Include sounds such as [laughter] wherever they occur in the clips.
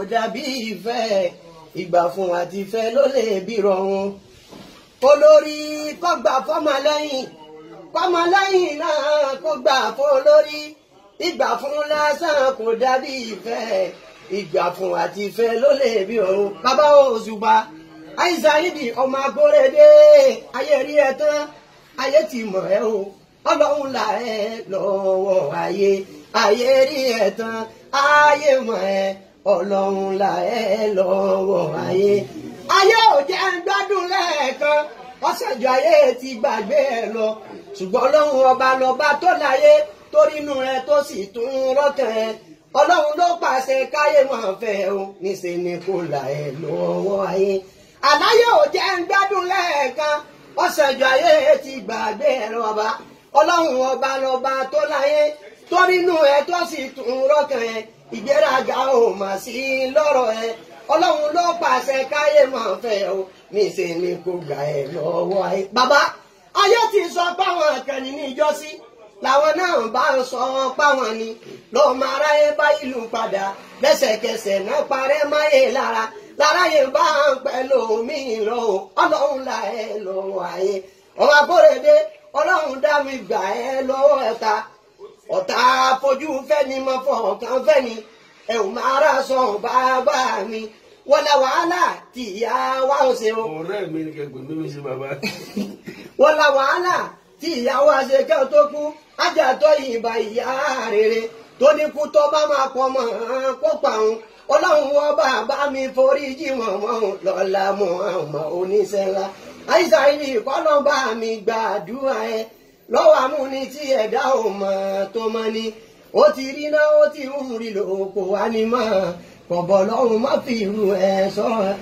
kò dàbí ìfẹ́ ìgbà fún àti ìfẹ́ ló lè bí rọrùn olórí kó gbà fọ́mọ lẹ́yìn fọ́mọ lẹ́yìn náà kó gbà fún olórí ìgbà fún lásán kò dàbí ìfẹ́ ìgbà fún àti ìfẹ́ ló lè bí rọrùn bàbá Òṣùpá àìsàn ayídì ọmọ agbórede ayé rí ẹ tán ayé ti mọ̀ ẹ́ o ọlọ́run là ẹ́ lọ́wọ́ ayé ayé rí ẹ̀ tán ayé mọ̀ ẹ́ ọlọ́run la ẹ́ lọ́wọ́ ayé ayé ò jẹ́ ń gbádùn lẹ́ẹ̀kan ọ̀sẹ̀jọ ayé ti gbàgbé ẹ lọ ṣùgbọ́n ọlọ́run ọba lọ́ba tó láyé tó rínú rẹ tó sì tún rọ́kàn ẹ ọlọ́run ló pàṣẹ káyé máa fẹ́ o níṣẹ́ ni kò là ẹ́ lọ́wọ́ ayé àláyé ò jẹ́ ń gbádùn lẹ́ẹ̀kan ọ̀sẹ̀jọ ayé ti gbàgbé ẹ lọ́ba ọlọ́run ọba lọ́ba tó láyé tó nínú ẹ tó sì tún rọ́kàn ẹ ìgbéraga ò mà sí lọ́rọ̀ ẹ ọlọ́run ló pàṣẹ káyé máa fẹ́ o níṣẹ́ ni kò gbà ẹ lọ́wọ́ ẹ. bàbá ayé ti sọ páwọn àkànní ní ìjọsí làwọn náà bá ń sọ páwọn ni lọ́ọ́ máa ráyé bá ìlú padà lẹ́sẹ̀kẹsẹ̀ náà parẹ́ máyé lára láráyé bá ń pẹ̀lú mi lọ ọlọ́run là ẹ lọ́wọ́ ayé ọba kórèdé ọlọ́run dá mi gbà ẹ́ lọ́wọ́ ẹ̀ta ọ̀tá fojú fẹ́ni mọ fẹ́ni máa rà sọ ọ̀bá bá mi wọ́n la wàhálà tí ìyá wa ń o. ọ̀rẹ́ mi ni kẹ́gbẹ́ mi ṣe bàbá. [laughs] wọ́n la wàhálà tí ìyá wa ṣe tó kú ìyá rere tó bá máa pọ̀ mọ́ ọlọ́run bá bá mi forí jí lọ́la mọ́ oníṣẹ́ ńlá. àìsàn ìní ìkọlọ́ba mi gbàdúrà ẹ lọ́wọ́ amúni tí ẹ̀dá ò mọ̀ tó mọ́ ni ó ti rí náà ó ti ń rí lòpò wá ní mọ́. وبلعوا ما فيه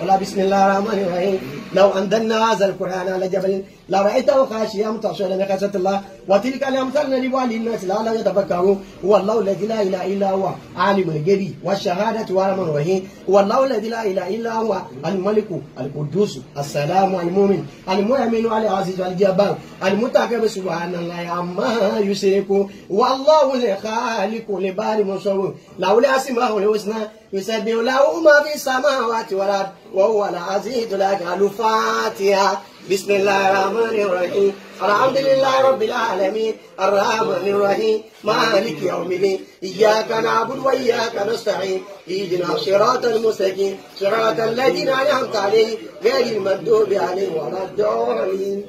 ولا بسم الله الرحمن الرحيم لو أنزلنا هذا القرآن على جبل لرأيته خاشيا متخشيا من خشية الله وتلك الأمثال نضربها للناس لعلهم يتفكرون هو الله الذي لا إله إلا هو عالم الغيب والشهادة والرحمن الرحيم هو الله الذي لا إله إلا هو الملك القدوس السلام المؤمن المؤمن العزيز الجبار المتكبر سبحان الله عما يشركون والله الخالق لبار مصور لولا أسماءه الحسنى يسبح له ما في السماوات والأرض وهو العزيز الأكبر الفاتحه بسم الله الرحمن الرحيم الحمد لله رب العالمين الرحمن الرحيم مالك يوم الدين إياك نعبد وإياك نستعين اهدنا الصراط المستقيم صراط الذين أنعمت عليهم غير المغضوب عليهم ولا الضالين